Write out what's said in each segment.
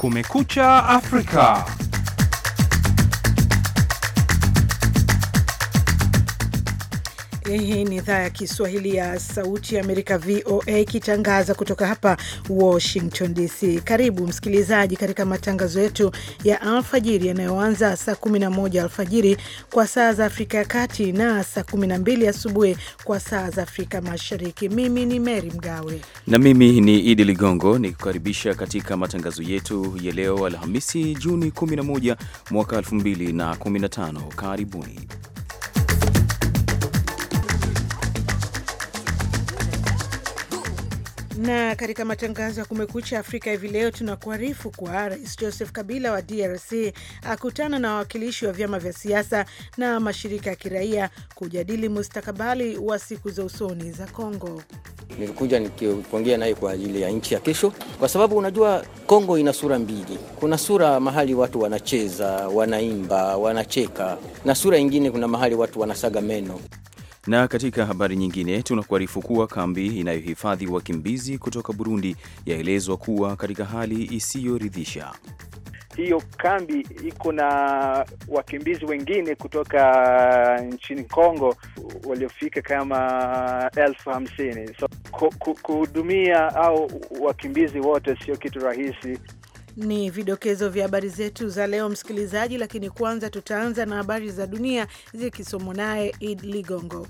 Kumekucha Afrika. Hii ni idhaa ya Kiswahili ya Sauti ya Amerika, VOA, ikitangaza kutoka hapa Washington DC. Karibu msikilizaji katika matangazo yetu ya alfajiri yanayoanza saa 11 alfajiri kwa saa za Afrika ya Kati na saa 12 asubuhi kwa saa za Afrika Mashariki. Mimi ni Mary Mgawe na mimi ni Idi Ligongo kukaribisha katika matangazo yetu ya leo Alhamisi, Juni 11 mwaka 2015. Karibuni. Na katika matangazo ya Kumekucha Afrika hivi leo tunakuarifu kwa Rais Joseph Kabila wa DRC akutana na wawakilishi wa vyama vya siasa na mashirika ya kiraia kujadili mustakabali wa siku za usoni za Kongo. Nilikuja nikipongea naye kwa ajili ya nchi ya kesho, kwa sababu unajua Kongo ina sura mbili. Kuna sura mahali watu wanacheza, wanaimba, wanacheka na sura ingine, kuna mahali watu wanasaga meno. Na katika habari nyingine tunakuarifu kuwa kambi inayohifadhi wakimbizi kutoka Burundi yaelezwa kuwa katika hali isiyoridhisha. Hiyo kambi iko na wakimbizi wengine kutoka nchini Kongo waliofika kama elfu hamsini. So, kuhudumia au wakimbizi wote sio kitu rahisi. Ni vidokezo vya habari zetu za leo, msikilizaji, lakini kwanza tutaanza na habari za dunia zikisomwa naye Id Ligongo.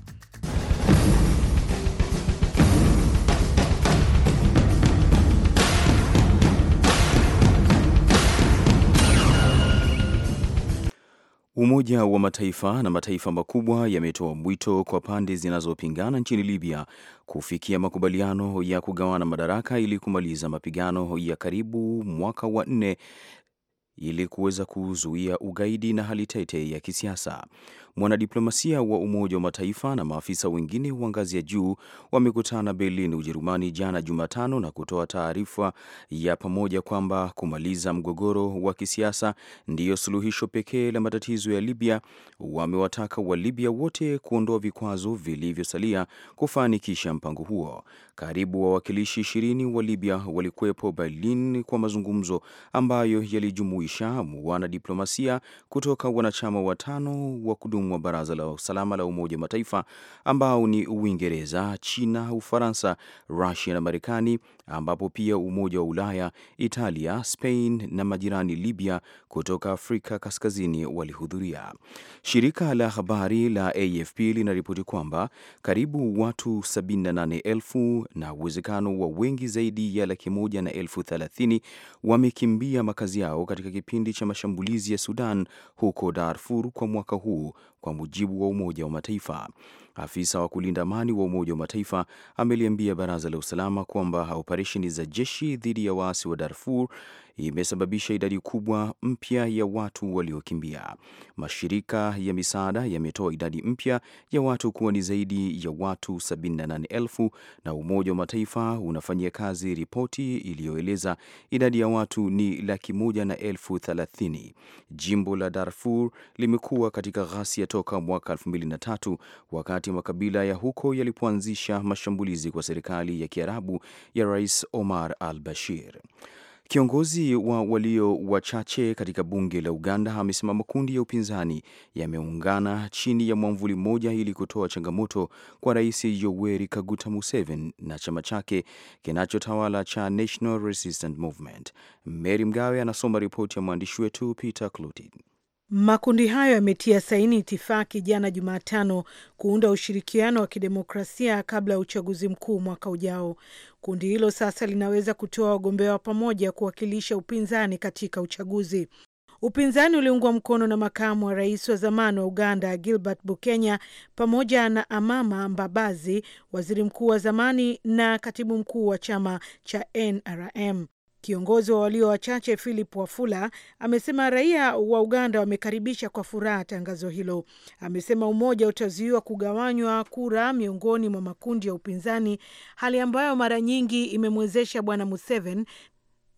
Umoja wa Mataifa na mataifa makubwa yametoa mwito kwa pande zinazopingana nchini Libya kufikia makubaliano ya kugawana madaraka ili kumaliza mapigano ya karibu mwaka wa nne ili kuweza kuzuia ugaidi na hali tete ya kisiasa. Mwanadiplomasia wa Umoja wa Mataifa na maafisa wengine wa ngazi ya juu wamekutana Berlin, Ujerumani jana Jumatano na kutoa taarifa ya pamoja kwamba kumaliza mgogoro wa kisiasa ndiyo suluhisho pekee la matatizo ya Libya. Wamewataka wa Libya wote kuondoa vikwazo vilivyosalia kufanikisha mpango huo. Karibu wawakilishi ishirini wa Libya walikuwepo Berlin kwa mazungumzo ambayo yalijumuisha wanadiplomasia kutoka wanachama watano wa kudumu mwa Baraza la Usalama la Umoja wa Mataifa ambao ni Uingereza, China, Ufaransa, Rusia na Marekani, ambapo pia Umoja wa Ulaya, Italia, Spain na majirani Libya kutoka Afrika Kaskazini walihudhuria. Shirika la habari la AFP linaripoti kwamba karibu watu 78,000 na uwezekano wa wengi zaidi ya laki moja na elfu thelathini wamekimbia makazi yao katika kipindi cha mashambulizi ya Sudan huko Darfur kwa mwaka huu kwa mujibu wa Umoja wa Mataifa. Afisa wa kulinda amani wa Umoja wa Mataifa ameliambia Baraza la Usalama kwamba operesheni za jeshi dhidi ya waasi wa Darfur imesababisha idadi kubwa mpya ya watu waliokimbia. Mashirika ya misaada yametoa idadi mpya ya watu kuwa ni zaidi ya watu 78,000 na Umoja wa Mataifa unafanyia kazi ripoti iliyoeleza idadi ya watu ni laki moja na elfu thelathini. Jimbo la Darfur limekuwa katika ghasia toka mwaka 2003 wakati makabila ya huko yalipoanzisha mashambulizi kwa serikali ya Kiarabu ya Rais Omar al-Bashir. Kiongozi wa walio wachache katika bunge la Uganda amesema makundi ya upinzani yameungana chini ya mwamvuli mmoja ili kutoa changamoto kwa Rais Yoweri Kaguta Museveni na chama chake kinachotawala cha National Resistance Movement. Mary Mgawe anasoma ripoti ya mwandishi wetu Peter Clutin. Makundi hayo yametia saini itifaki jana Jumatano kuunda ushirikiano wa kidemokrasia kabla ya uchaguzi mkuu mwaka ujao. Kundi hilo sasa linaweza kutoa wagombea wa pamoja kuwakilisha upinzani katika uchaguzi. Upinzani uliungwa mkono na makamu wa rais wa zamani wa Uganda Gilbert Bukenya pamoja na Amama Mbabazi, waziri mkuu wa zamani na katibu mkuu wa chama cha NRM. Kiongozi wa walio wachache Philip Wafula amesema raia wa Uganda wamekaribisha kwa furaha tangazo hilo. Amesema umoja utazuiwa kugawanywa kura miongoni mwa makundi ya upinzani, hali ambayo mara nyingi imemwezesha Bwana Museveni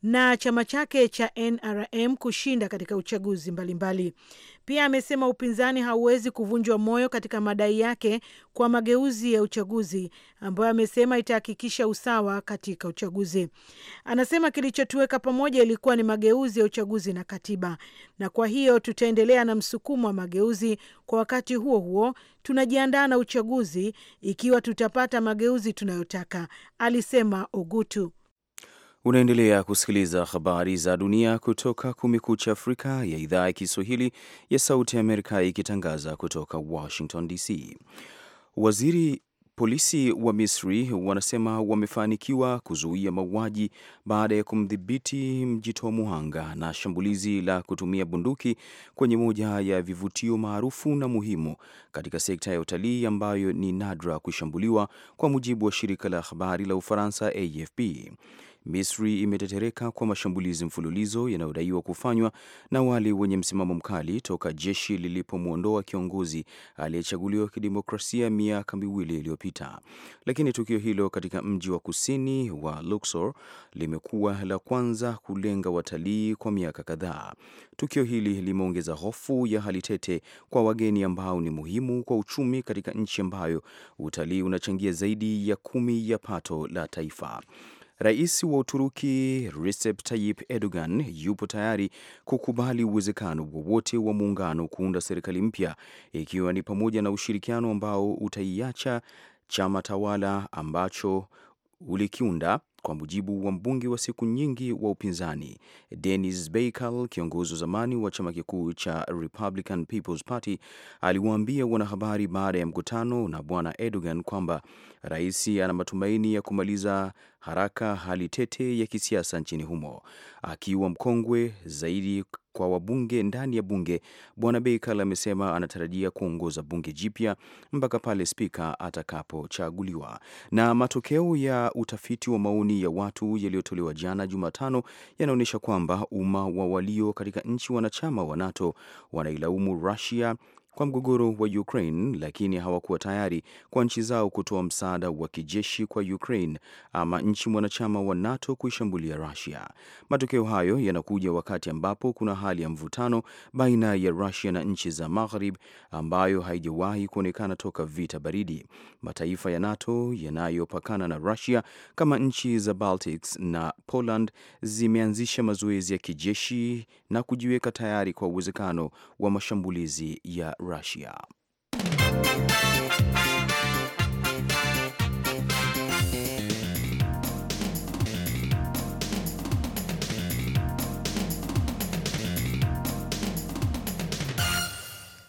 na chama chake cha NRM kushinda katika uchaguzi mbalimbali mbali. Pia amesema upinzani hauwezi kuvunjwa moyo katika madai yake kwa mageuzi ya uchaguzi ambayo amesema itahakikisha usawa katika uchaguzi. Anasema kilichotuweka pamoja ilikuwa ni mageuzi ya uchaguzi na katiba, na kwa hiyo tutaendelea na msukumo wa mageuzi. Kwa wakati huo huo, tunajiandaa na uchaguzi ikiwa tutapata mageuzi tunayotaka, alisema Ogutu. Unaendelea kusikiliza habari za dunia kutoka Kumekucha Afrika ya idhaa ya Kiswahili ya Sauti ya Amerika ikitangaza kutoka Washington DC. Waziri polisi wa Misri wanasema wamefanikiwa kuzuia mauaji baada ya kumdhibiti mjitoa muhanga na shambulizi la kutumia bunduki kwenye moja ya vivutio maarufu na muhimu katika sekta ya utalii ambayo ni nadra kushambuliwa, kwa mujibu wa shirika la habari la Ufaransa AFP. Misri imetetereka kwa mashambulizi mfululizo yanayodaiwa kufanywa na wale wenye msimamo mkali toka jeshi lilipomwondoa kiongozi aliyechaguliwa kidemokrasia miaka miwili iliyopita. Lakini tukio hilo katika mji wa kusini wa Luxor limekuwa la kwanza kulenga watalii kwa miaka kadhaa. Tukio hili limeongeza hofu ya hali tete kwa wageni ambao ni muhimu kwa uchumi katika nchi ambayo utalii unachangia zaidi ya kumi ya pato la taifa. Rais wa Uturuki Recep Tayyip Erdogan yupo tayari kukubali uwezekano wowote wa muungano kuunda serikali mpya, ikiwa ni pamoja na ushirikiano ambao utaiacha chama tawala ambacho ulikiunda kwa mujibu wa mbunge wa siku nyingi wa upinzani Denis Baykal, kiongozi wa zamani wa chama kikuu cha Republican People's Party, aliwaambia wanahabari baada ya mkutano na bwana Erdogan kwamba rais ana matumaini ya kumaliza haraka hali tete ya kisiasa nchini humo. Akiwa mkongwe zaidi kwa wabunge ndani ya bunge, Bwana Beikal amesema anatarajia kuongoza bunge jipya mpaka pale spika atakapochaguliwa. Na matokeo ya utafiti wa maoni ya watu yaliyotolewa jana Jumatano yanaonyesha kwamba umma wa walio katika nchi wanachama wa NATO wanailaumu Rusia kwa mgogoro wa Ukraine, lakini hawakuwa tayari kwa nchi zao kutoa msaada wa kijeshi kwa Ukraine ama nchi mwanachama wa NATO kuishambulia Russia. Matokeo hayo yanakuja wakati ambapo kuna hali ya mvutano baina ya Russia na nchi za Maghrib ambayo haijawahi kuonekana toka vita baridi. Mataifa ya NATO yanayopakana na Russia kama nchi za Baltics na Poland zimeanzisha mazoezi ya kijeshi na kujiweka tayari kwa uwezekano wa mashambulizi ya Russia.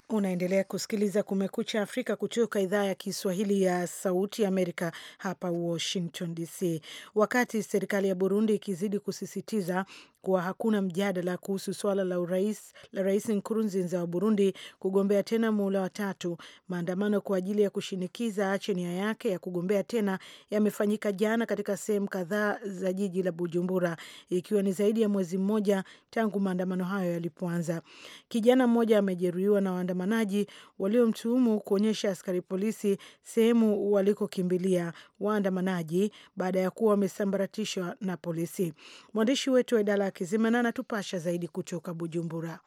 Unaendelea kusikiliza Kumekucha Afrika kutoka idhaa ya Kiswahili ya Sauti ya Amerika hapa Washington DC. Wakati serikali ya Burundi ikizidi kusisitiza kuwa hakuna mjadala kuhusu swala la urais la Rais Nkurunziza wa Burundi kugombea tena muhula wa tatu. Maandamano kwa ajili ya kushinikiza ache nia yake ya kugombea tena yamefanyika jana katika sehemu kadhaa za jiji la Bujumbura, ikiwa ni zaidi ya mwezi mmoja tangu maandamano hayo yalipoanza. Kijana mmoja amejeruhiwa na waandamanaji waliomtuhumu kuonyesha askari polisi sehemu walikokimbilia waandamanaji baada ya kuwa wamesambaratishwa na polisi. Mwandishi wetu wa idara ya Kizimana anatupasha zaidi kutoka Bujumbura.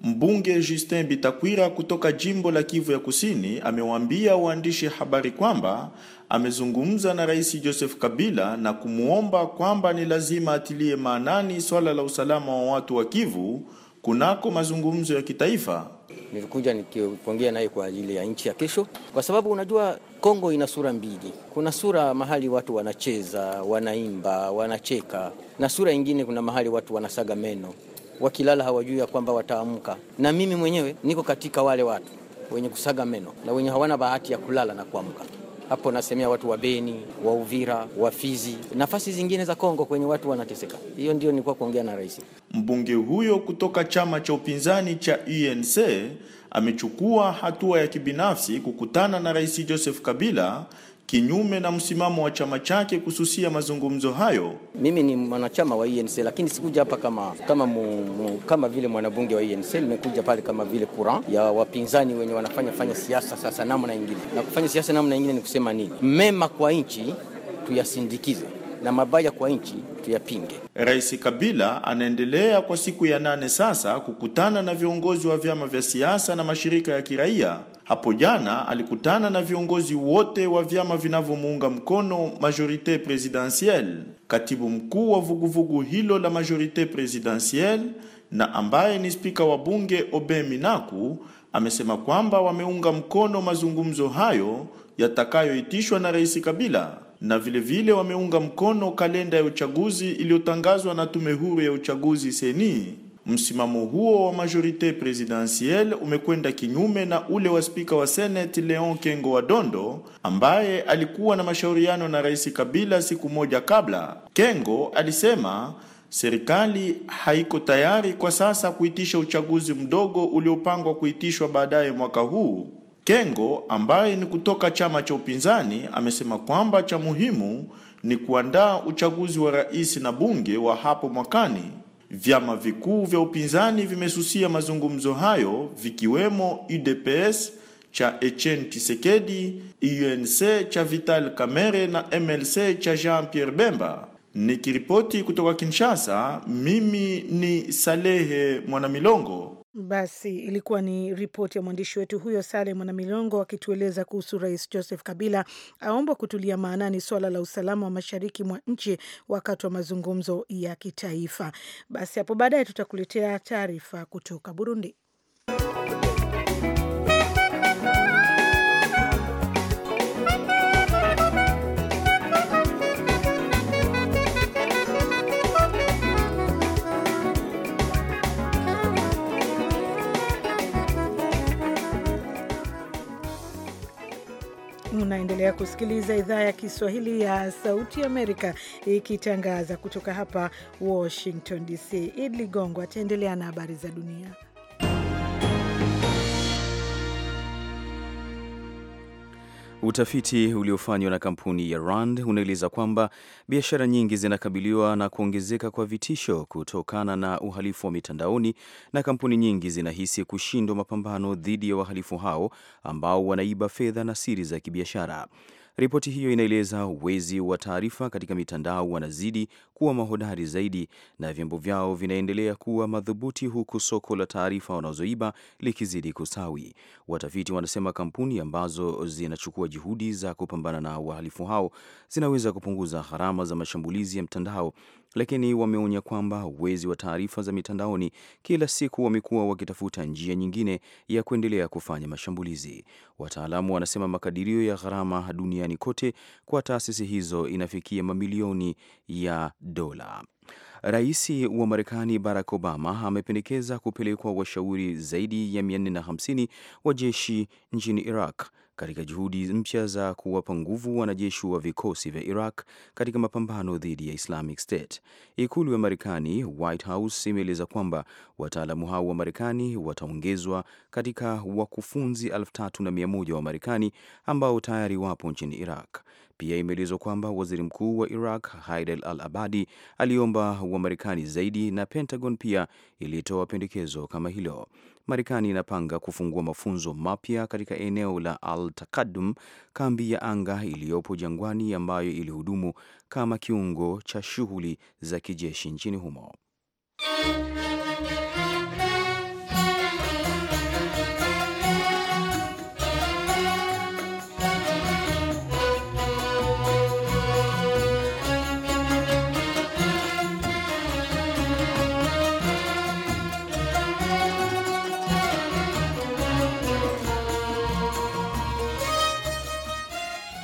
Mbunge Justin Bitakwira kutoka jimbo la Kivu ya Kusini amewaambia waandishi habari kwamba amezungumza na Rais Joseph Kabila na kumwomba kwamba ni lazima atilie maanani swala la usalama wa watu wa Kivu kunako mazungumzo ya kitaifa. Nilikuja nikiongea naye kwa ajili ya nchi ya kesho, kwa sababu unajua Kongo ina sura mbili. Kuna sura mahali watu wanacheza, wanaimba, wanacheka, na sura ingine kuna mahali watu wanasaga meno, wakilala hawajui ya kwamba wataamka. Na mimi mwenyewe niko katika wale watu wenye kusaga meno na wenye hawana bahati ya kulala na kuamka. Hapo nasemea watu wa Beni, wa Uvira, wa Fizi, nafasi zingine za Kongo kwenye watu wanateseka. Hiyo ndio nilikuwa kuongea na rais. Mbunge huyo kutoka chama cha upinzani cha UNC e amechukua hatua ya kibinafsi kukutana na Rais Joseph Kabila kinyume na msimamo wa chama chake kususia mazungumzo hayo. Mimi ni mwanachama wa ENC lakini sikuja hapa kama kama, mu, mu, kama vile mwanabunge wa ENC, nimekuja pale kama vile kura ya wapinzani wenye wanafanya fanya siasa sasa namna nyingine, na kufanya siasa namna nyingine ni kusema nini? Mema kwa nchi tuyasindikize na mabaya kwa nchi tuyapinge. Rais Kabila anaendelea kwa siku ya nane sasa kukutana na viongozi wa vyama vya siasa na mashirika ya kiraia hapo jana alikutana na viongozi wote wa vyama vinavyomuunga mkono majorite presidentielle, katibu mkuu wa vuguvugu hilo la majorite presidentielle na ambaye ni spika wa bunge Obe Minaku amesema kwamba wameunga mkono mazungumzo hayo yatakayoitishwa na Rais Kabila na vilevile vile wameunga mkono kalenda ya uchaguzi iliyotangazwa na tume huru ya uchaguzi seni Msimamo huo wa majorite presidentielle umekwenda kinyume na ule wa spika wa Senate Leon Kengo wa Dondo ambaye alikuwa na mashauriano na Rais Kabila siku moja kabla. Kengo alisema serikali haiko tayari kwa sasa kuitisha uchaguzi mdogo uliopangwa kuitishwa baadaye mwaka huu. Kengo ambaye ni kutoka chama cha upinzani amesema kwamba cha muhimu ni kuandaa uchaguzi wa rais na bunge wa hapo mwakani. Vyama vikuu vya upinzani vimesusia mazungumzo hayo vikiwemo UDPS cha Etienne Tshisekedi, UNC cha Vital Kamerhe na MLC cha Jean-Pierre Bemba. Nikiripoti kutoka Kinshasa, mimi ni Salehe Mwanamilongo. Basi ilikuwa ni ripoti ya mwandishi wetu huyo Sale Mwanamilongo akitueleza kuhusu Rais Joseph Kabila aomba kutulia maanani swala la usalama wa mashariki mwa nchi wakati wa mazungumzo ya kitaifa. Basi hapo baadaye tutakuletea taarifa kutoka Burundi. Unaendelea kusikiliza idhaa ya Kiswahili ya Sauti Amerika ikitangaza kutoka hapa Washington DC. Id Ligongo ataendelea na habari za dunia. Utafiti uliofanywa na kampuni ya Rand unaeleza kwamba biashara nyingi zinakabiliwa na kuongezeka kwa vitisho kutokana na uhalifu wa mitandaoni, na kampuni nyingi zinahisi kushindwa mapambano dhidi ya wahalifu hao ambao wanaiba fedha na siri za kibiashara. Ripoti hiyo inaeleza wezi wa taarifa katika mitandao wanazidi kuwa mahodari zaidi na vyombo vyao vinaendelea kuwa madhubuti, huku soko la taarifa wanazoiba likizidi kusawi Watafiti wanasema kampuni ambazo zinachukua juhudi za kupambana na wahalifu hao zinaweza kupunguza gharama za mashambulizi ya mtandao lakini wameonya kwamba wezi wa taarifa za mitandaoni kila siku wamekuwa wakitafuta njia nyingine ya kuendelea kufanya mashambulizi. Wataalamu wanasema makadirio ya gharama duniani kote kwa taasisi hizo inafikia mamilioni ya dola. Rais wa Marekani Barack Obama amependekeza kupelekwa washauri zaidi ya 450 wa jeshi nchini Iraq katika juhudi mpya za kuwapa nguvu wanajeshi wa vikosi vya Iraq katika mapambano dhidi ya Islamic State. Ikulu ya Marekani, White House, imeeleza kwamba wataalamu hao wa Marekani wataongezwa katika wakufunzi 3100 wa Marekani ambao tayari wapo nchini Iraq. Pia imeelezwa kwamba waziri mkuu wa Iraq Haidel al Abadi aliomba Wamarekani zaidi na Pentagon pia ilitoa pendekezo kama hilo. Marekani inapanga kufungua mafunzo mapya katika eneo la Al Takadum, kambi ya anga iliyopo jangwani ambayo ilihudumu kama kiungo cha shughuli za kijeshi nchini humo.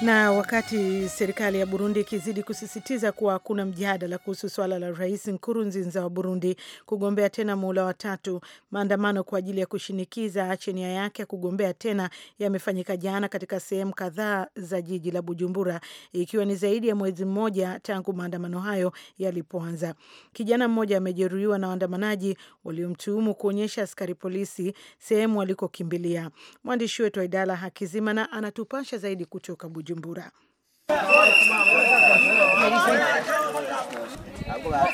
Na wakati serikali ya Burundi ikizidi kusisitiza kuwa kuna mjadala kuhusu swala la Rais Nkurunziza wa Burundi kugombea tena muhula wa tatu, maandamano kwa ajili ya kushinikiza ache nia yake ya kugombea tena yamefanyika jana katika sehemu kadhaa za jiji la Bujumbura, ikiwa ni zaidi ya mwezi mmoja tangu maandamano hayo yalipoanza. Kijana mmoja amejeruhiwa na waandamanaji waliomtuhumu kuonyesha askari polisi sehemu walikokimbilia. Mwandishi wetu idara Hakizimana anatupasha zaidi kutoka Bujumbura. bujumbura Aku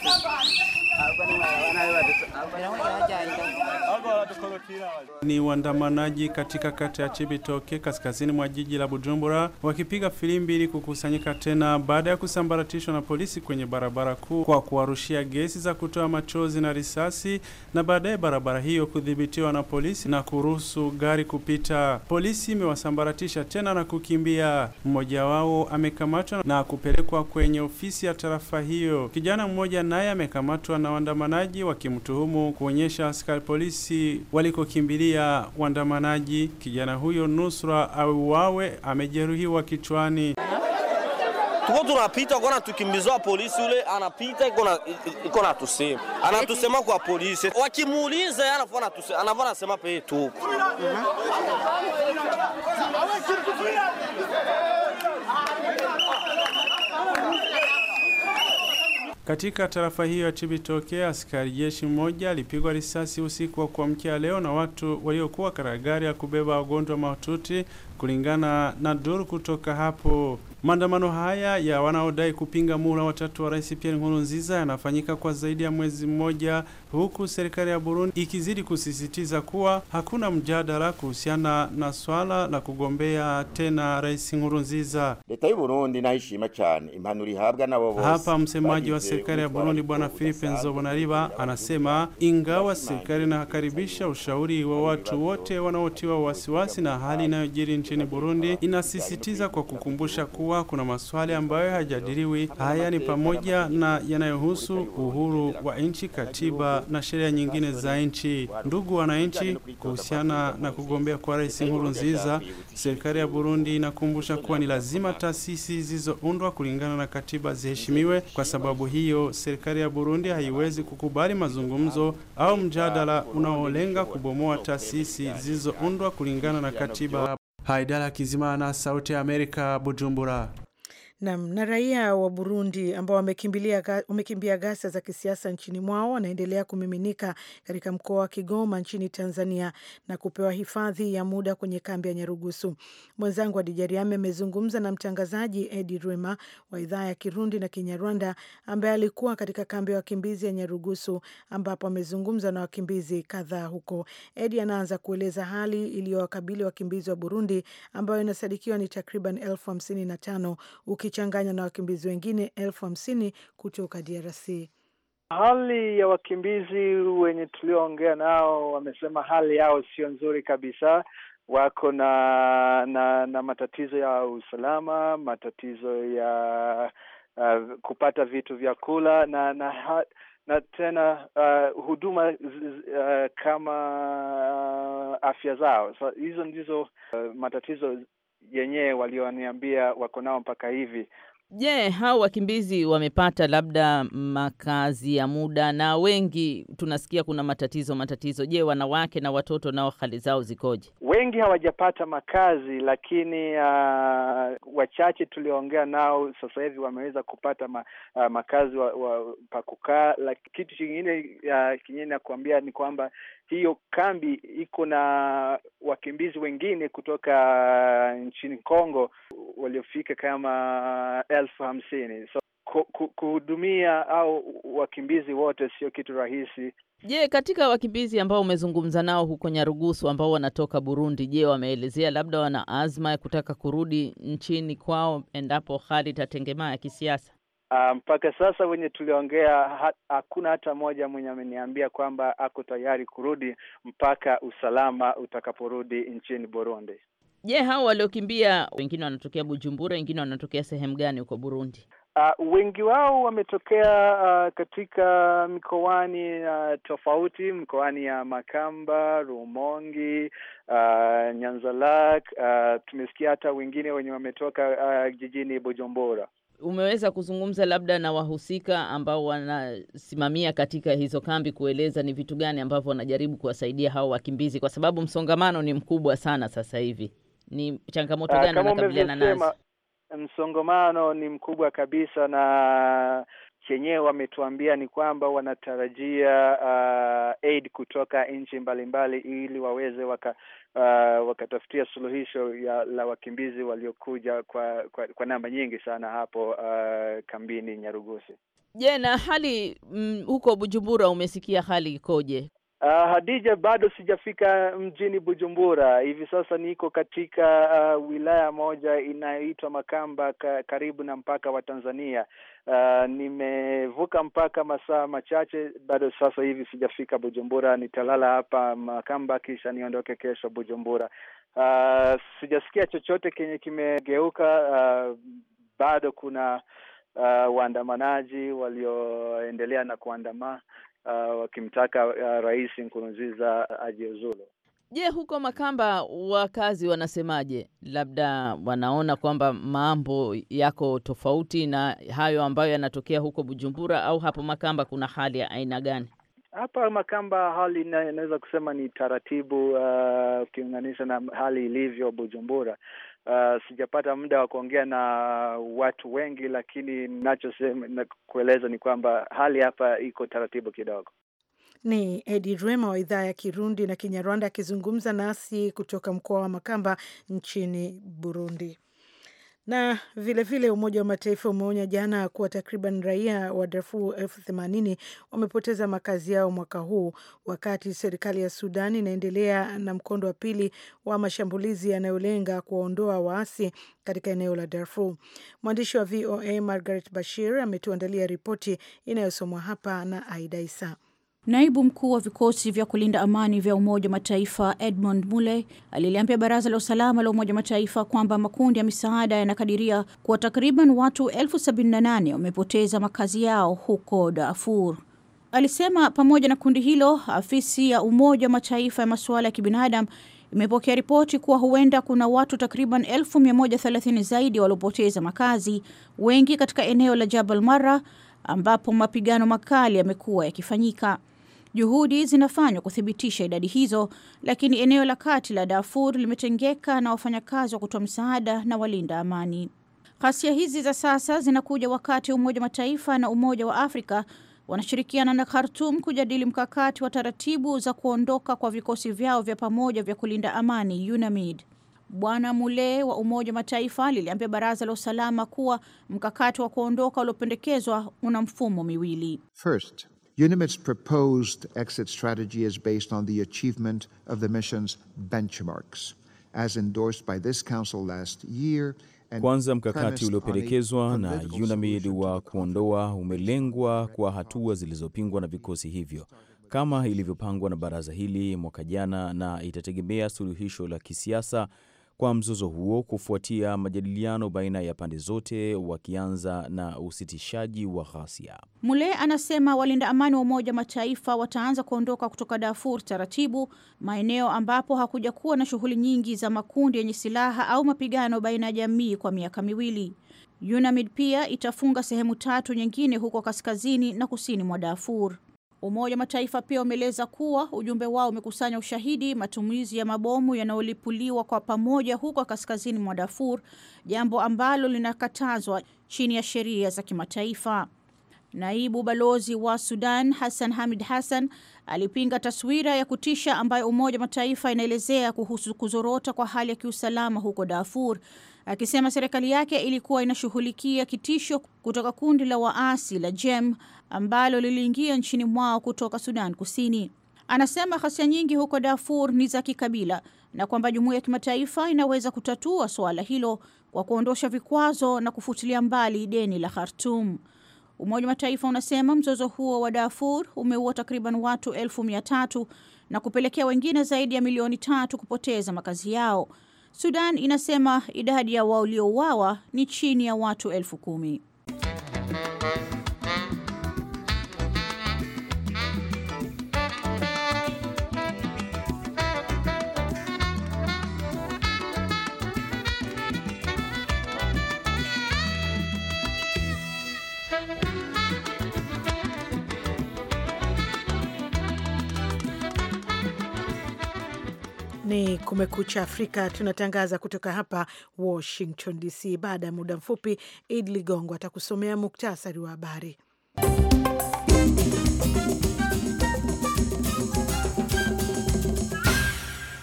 Ni waandamanaji katika kata ya Chibitoke kaskazini mwa jiji la Bujumbura wakipiga filimbi ili kukusanyika tena baada ya kusambaratishwa na polisi kwenye barabara kuu kwa kuwarushia gesi za kutoa machozi na risasi, na baadaye barabara hiyo kudhibitiwa na polisi na kuruhusu gari kupita. Polisi imewasambaratisha tena na kukimbia. Mmoja wao amekamatwa na kupelekwa kwenye ofisi ya tarafa hiyo. Kijana mmoja naye amekamatwa na waandamanaji wakimtuhumu kuonyesha askari polisi wali walikokimbilia waandamanaji. Kijana huyo nusra wawe amejeruhiwa kichwani. Tuko tunapita kona, tukimbizwa polisi, ule anapita iko na tusema, anatusema kwa polisi, wakimuuliza anafona anasema pe tu Katika tarafa hiyo ya Chibitoke, askari jeshi mmoja alipigwa risasi usiku wa kuamkia leo na watu waliokuwa katika gari ya kubeba wagonjwa mahututi Kulingana na duru kutoka hapo, maandamano haya ya wanaodai kupinga muhula watatu wa Rais Pierre Nkurunziza yanafanyika kwa zaidi ya mwezi mmoja, huku serikali ya Burundi ikizidi kusisitiza kuwa hakuna mjadala kuhusiana na swala la kugombea tena Rais Nkurunziza. Leta y'u Burundi nayishima cyane impanuro ihabwa nabo bose. Hapa msemaji wa serikali ya Burundi Bwana Philippe Nzobonariba anasema ingawa serikali inakaribisha ushauri wa watu wote wanaotiwa wasiwasi na hali inayojiri nchi nchini Burundi inasisitiza kwa kukumbusha kuwa kuna maswali ambayo hajadiliwi. Haya ni pamoja na yanayohusu uhuru wa nchi, katiba na sheria nyingine za nchi. Ndugu wananchi, kuhusiana na kugombea kwa Rais Nkurunziza, serikali ya Burundi inakumbusha kuwa ni lazima taasisi zilizoundwa kulingana na katiba ziheshimiwe. Kwa sababu hiyo, serikali ya Burundi haiwezi kukubali mazungumzo au mjadala unaolenga kubomoa taasisi zilizoundwa kulingana na katiba. Haidara Kizimana, Sauti ya Amerika, Bujumbura. Nam na raia wa Burundi ambao wamekimbia ghasia za kisiasa nchini mwao wanaendelea kumiminika katika mkoa wa Kigoma nchini Tanzania na kupewa hifadhi ya muda kwenye kambi ya Nyarugusu. Mwenzangu Adijariame amezungumza na mtangazaji Edi Rwema wa idhaa ya Kirundi na Kinyarwanda ambaye alikuwa katika kambi ya wakimbizi ya Nyarugusu ambapo amezungumza na wakimbizi kadhaa huko. Edi anaanza kueleza hali iliyowakabili wakimbizi wa Burundi ambayo inasadikiwa ni takriban elfu hamsini na tano kuchanganywa na wakimbizi wengine elfu hamsini kutoka DRC. Hali ya wakimbizi wenye tulioongea nao wamesema hali yao sio nzuri kabisa wako na, na na matatizo ya usalama, matatizo ya uh, kupata vitu vya kula na na, na tena uh, huduma z, uh, kama uh, afya zao. So, hizo ndizo uh, matatizo yenyewe walioniambia wako nao mpaka hivi. Je, yeah, hao wakimbizi wamepata labda makazi ya muda? Na wengi tunasikia kuna matatizo matatizo. Je, wanawake na watoto nao hali zao zikoje? Wengi hawajapata makazi, lakini uh, wachache tulioongea nao sasa hivi wameweza kupata ma, uh, makazi wa, wa, pa kukaa. Kitu kingine uh, kingine nakuambia ni kwamba hiyo kambi iko na wakimbizi wengine kutoka nchini Kongo waliofika kama elfu hamsini. So kuhudumia au wakimbizi wote sio kitu rahisi. Je, katika wakimbizi ambao umezungumza nao huko Nyarugusu ambao wanatoka Burundi, je, wameelezea labda wana azma ya kutaka kurudi nchini kwao endapo hali itatengemaa ya kisiasa? Ah, mpaka um, sasa wenye tuliongea hakuna hata mmoja mwenye ameniambia kwamba ako tayari kurudi mpaka usalama utakaporudi nchini Burundi. Je, yeah, hao waliokimbia wengine wanatokea Bujumbura, wengine wanatokea sehemu gani huko Burundi? Uh, wengi wao wametokea uh, katika mikoani uh, tofauti, mikoani ya Makamba, Rumongi, uh, Nyanzalak. Uh, tumesikia hata wengine wenye wametoka uh, jijini Bujumbura umeweza kuzungumza labda na wahusika ambao wanasimamia katika hizo kambi kueleza ni vitu gani ambavyo wanajaribu kuwasaidia hao wakimbizi, kwa sababu msongamano ni mkubwa sana sasa hivi? Ni changamoto ah, gani wanakabiliana nazo? Msongamano ni mkubwa kabisa, na chenyewe wametuambia ni kwamba wanatarajia uh, aid kutoka nchi mbalimbali ili waweze waka uh, wakatafutia suluhisho ya, la wakimbizi waliokuja kwa, kwa, kwa namba nyingi sana hapo uh, kambini Nyarugusi. Je, yeah, na hali m, mm, huko Bujumbura umesikia hali ikoje? Uh, Hadija, bado sijafika mjini Bujumbura. Hivi sasa niko katika uh, wilaya moja inayoitwa Makamba ka, karibu na mpaka wa Tanzania. Uh, nimevuka mpaka masaa machache, bado sasa hivi sijafika Bujumbura. Nitalala hapa Makamba kisha niondoke kesho Bujumbura. Uh, sijasikia chochote kenye kimegeuka. Uh, bado kuna uh, waandamanaji walioendelea na kuandamana uh, wakimtaka uh, Rais Nkurunziza ajiuzulu. Je, huko Makamba wakazi wanasemaje? Labda wanaona kwamba mambo yako tofauti na hayo ambayo yanatokea huko Bujumbura, au hapo Makamba kuna hali ya aina gani? Hapa Makamba hali inaweza kusema ni taratibu uh, ukilinganisha uh, na hali ilivyo Bujumbura. Uh, sijapata muda wa kuongea na watu wengi, lakini nachosema na kueleza ni kwamba hali hapa iko taratibu kidogo. Ni Edi Rwema wa idhaa ya Kirundi na Kinyarwanda akizungumza nasi kutoka mkoa wa Makamba nchini Burundi. Na vilevile vile Umoja wa Mataifa umeonya jana kuwa takriban raia wa Darfur elfu themanini wamepoteza makazi yao mwaka huu, wakati serikali ya Sudan inaendelea na mkondo wa pili wa mashambulizi yanayolenga kuwaondoa waasi katika eneo la Darfur. Mwandishi wa VOA Margaret Bashir ametuandalia ripoti inayosomwa hapa na Aida Isa. Naibu mkuu wa vikosi vya kulinda amani vya Umoja wa Mataifa Edmund Mule aliliambia baraza la usalama la Umoja wa Mataifa kwamba makundi ya misaada yanakadiria kuwa takriban watu elfu sabini na nane wamepoteza makazi yao huko Darfur. Alisema pamoja na kundi hilo, afisi ya Umoja wa Mataifa ya masuala ya kibinadamu imepokea ripoti kuwa huenda kuna watu takriban 1130 zaidi waliopoteza makazi, wengi katika eneo la Jabal Mara ambapo mapigano makali yamekuwa yakifanyika. Juhudi zinafanywa kuthibitisha idadi hizo, lakini eneo la kati la Darfur limetengeka na wafanyakazi wa kutoa msaada na walinda amani. Ghasia hizi za sasa zinakuja wakati Umoja wa Mataifa na Umoja wa Afrika wanashirikiana na Khartum kujadili mkakati wa taratibu za kuondoka kwa vikosi vyao vya pamoja vya kulinda amani UNAMID. Bwana Mule wa Umoja wa Mataifa liliambia Baraza la Usalama kuwa mkakati wa kuondoka uliopendekezwa una mfumo miwili. First, Unimit's proposed exit strategy is based on the achievement of the mission's benchmarks as endorsed by this council last year. Kwanza, mkakati uliopendekezwa na UNAMID wa kuondoa umelengwa kwa hatua zilizopingwa na vikosi hivyo kama ilivyopangwa na baraza hili mwaka jana, na itategemea suluhisho la kisiasa kwa mzozo huo kufuatia majadiliano baina ya pande zote wakianza na usitishaji wa ghasia. Mule anasema walinda amani wa Umoja wa Mataifa wataanza kuondoka kutoka Darfur taratibu, maeneo ambapo hakuja kuwa na shughuli nyingi za makundi yenye silaha au mapigano baina ya jamii kwa miaka miwili. UNAMID pia itafunga sehemu tatu nyingine huko kaskazini na kusini mwa Darfur. Umoja wa Mataifa pia umeeleza kuwa ujumbe wao umekusanya ushahidi matumizi ya mabomu yanayolipuliwa kwa pamoja huko kaskazini mwa Darfur, jambo ambalo linakatazwa chini ya sheria za kimataifa. Naibu balozi wa Sudan Hassan Hamid Hassan alipinga taswira ya kutisha ambayo Umoja wa Mataifa inaelezea kuhusu kuzorota kwa hali ya kiusalama huko Darfur, akisema serikali yake ilikuwa inashughulikia kitisho kutoka kundi la waasi la Jem ambalo liliingia nchini mwao kutoka Sudan Kusini. Anasema ghasia nyingi huko Darfur ni za kikabila na kwamba jumuiya ya kimataifa inaweza kutatua suala hilo kwa kuondosha vikwazo na kufutilia mbali deni la Khartum. Umoja wa Mataifa unasema mzozo huo wa Darfur umeua takriban watu elfu mia tatu na kupelekea wengine zaidi ya milioni tatu kupoteza makazi yao. Sudan inasema idadi ya waliouawa ni chini ya watu elfu kumi. ni Kumekucha Afrika, tunatangaza kutoka hapa Washington DC. Baada ya muda mfupi, Id Ligongo atakusomea muktasari wa habari.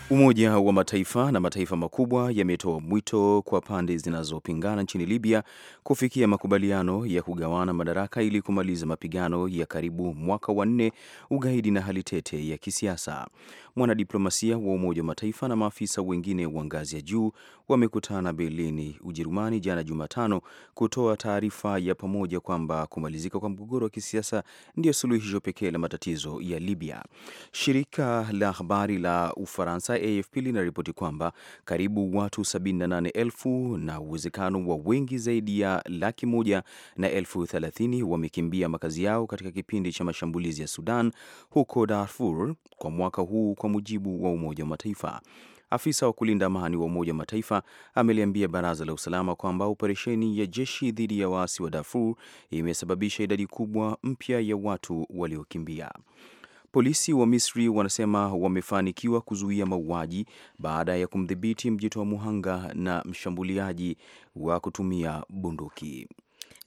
Umoja wa Mataifa na mataifa makubwa yametoa mwito kwa pande zinazopingana nchini Libya kufikia makubaliano ya kugawana madaraka ili kumaliza mapigano ya karibu mwaka wa nne, ugaidi na hali tete ya kisiasa mwanadiplomasia wa Umoja wa Mataifa na maafisa wengine wa ngazi ya juu wamekutana Berlini, Ujerumani jana Jumatano kutoa taarifa ya pamoja kwamba kumalizika kwa mgogoro wa kisiasa ndiyo suluhisho pekee la matatizo ya Libya. Shirika la habari la Ufaransa AFP linaripoti kwamba karibu watu 78,000 na uwezekano wa wengi zaidi ya laki moja na elfu thelathini wamekimbia makazi yao katika kipindi cha mashambulizi ya Sudan huko Darfur kwa mwaka huu kwa mujibu wa Umoja wa Mataifa. Afisa wa kulinda amani wa Umoja wa Mataifa ameliambia Baraza la Usalama kwamba operesheni ya jeshi dhidi ya waasi wa Darfur imesababisha idadi kubwa mpya ya watu waliokimbia. Polisi wa Misri wanasema wamefanikiwa kuzuia mauaji baada ya kumdhibiti mjitoa muhanga na mshambuliaji wa kutumia bunduki.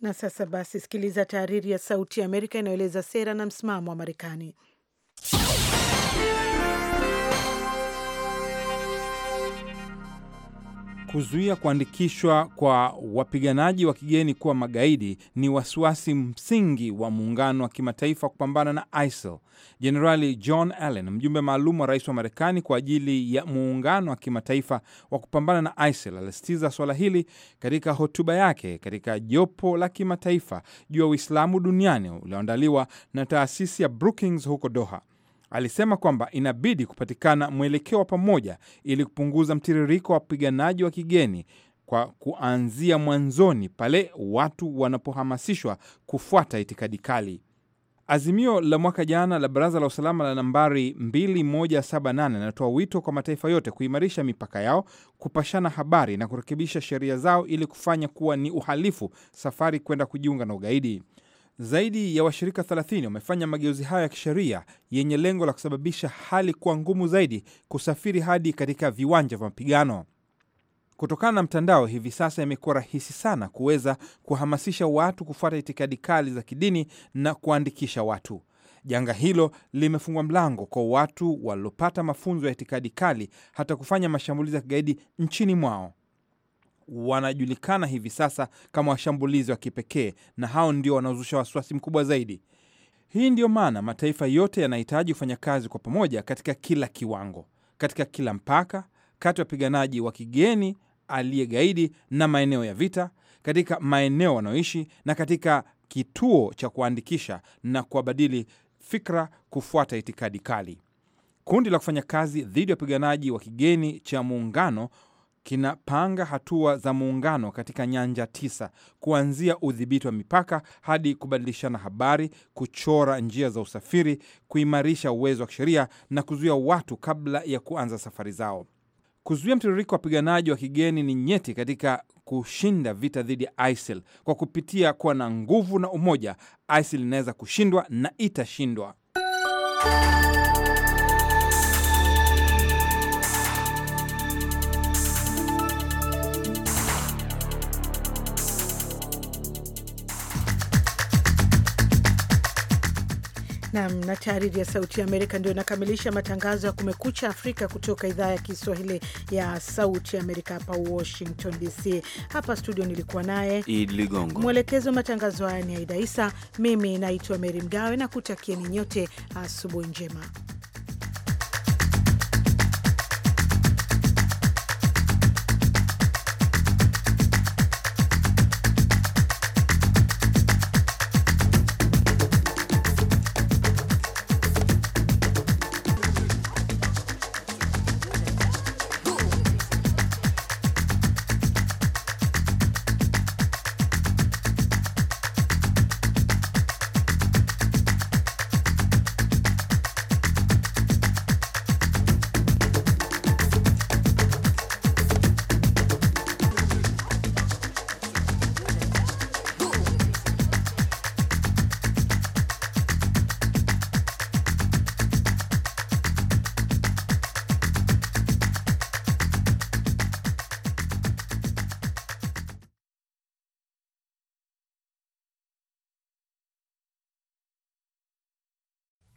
Na sasa basi, sikiliza tahariri ya Sauti ya Amerika inayoeleza sera na msimamo wa Marekani. kuzuia kuandikishwa kwa wapiganaji wa kigeni kuwa magaidi ni wasiwasi msingi wa muungano wa kimataifa kupambana na ISIL. Jenerali John Allen, mjumbe maalum wa rais wa Marekani kwa ajili ya muungano wa kimataifa wa kupambana na ISIL, alisitiza suala hili katika hotuba yake katika jopo la kimataifa juu ya Uislamu duniani ulioandaliwa na taasisi ya Brookings huko Doha. Alisema kwamba inabidi kupatikana mwelekeo wa pamoja ili kupunguza mtiririko wa wapiganaji wa kigeni kwa kuanzia mwanzoni pale watu wanapohamasishwa kufuata itikadi kali. Azimio la mwaka jana la Baraza la Usalama la nambari 2178 linatoa wito kwa mataifa yote kuimarisha mipaka yao, kupashana habari na kurekebisha sheria zao ili kufanya kuwa ni uhalifu safari kwenda kujiunga na ugaidi. Zaidi ya washirika 30 wamefanya mageuzi hayo ya kisheria yenye lengo la kusababisha hali kuwa ngumu zaidi kusafiri hadi katika viwanja vya mapigano. Kutokana na mtandao, hivi sasa imekuwa rahisi sana kuweza kuhamasisha watu kufuata itikadi kali za kidini na kuandikisha watu. Janga hilo limefungwa mlango kwa watu waliopata mafunzo ya itikadi kali hata kufanya mashambulizi ya kigaidi nchini mwao wanajulikana hivi sasa kama washambulizi wa kipekee, na hao ndio wanaozusha wasiwasi mkubwa zaidi. Hii ndiyo maana mataifa yote yanahitaji kufanya kazi kwa pamoja katika kila kiwango, katika kila mpaka, kati ya wapiganaji wa kigeni aliye gaidi na maeneo ya vita, katika maeneo wanaoishi na katika kituo cha kuandikisha na kuwabadili fikra kufuata itikadi kali. Kundi la kufanya kazi dhidi ya wapiganaji wa kigeni cha muungano kinapanga hatua za muungano katika nyanja tisa kuanzia udhibiti wa mipaka hadi kubadilishana habari, kuchora njia za usafiri, kuimarisha uwezo wa kisheria na kuzuia watu kabla ya kuanza safari zao. Kuzuia mtiririko wa wapiganaji wa kigeni ni nyeti katika kushinda vita dhidi ya ISIL. Kwa kupitia kuwa na nguvu na umoja, ISIL inaweza kushindwa na itashindwa. Nam na taariri ya Sauti ya Amerika ndio inakamilisha matangazo ya Kumekucha Afrika kutoka idhaa ya Kiswahili ya Sauti ya Amerika hapa Washington DC. Hapa studio nilikuwa naye id Ligongo, mwelekezi wa matangazo haya ni Aida Isa, mimi naitwa Meri Mgawe na kutakieni nyote asubuhi njema.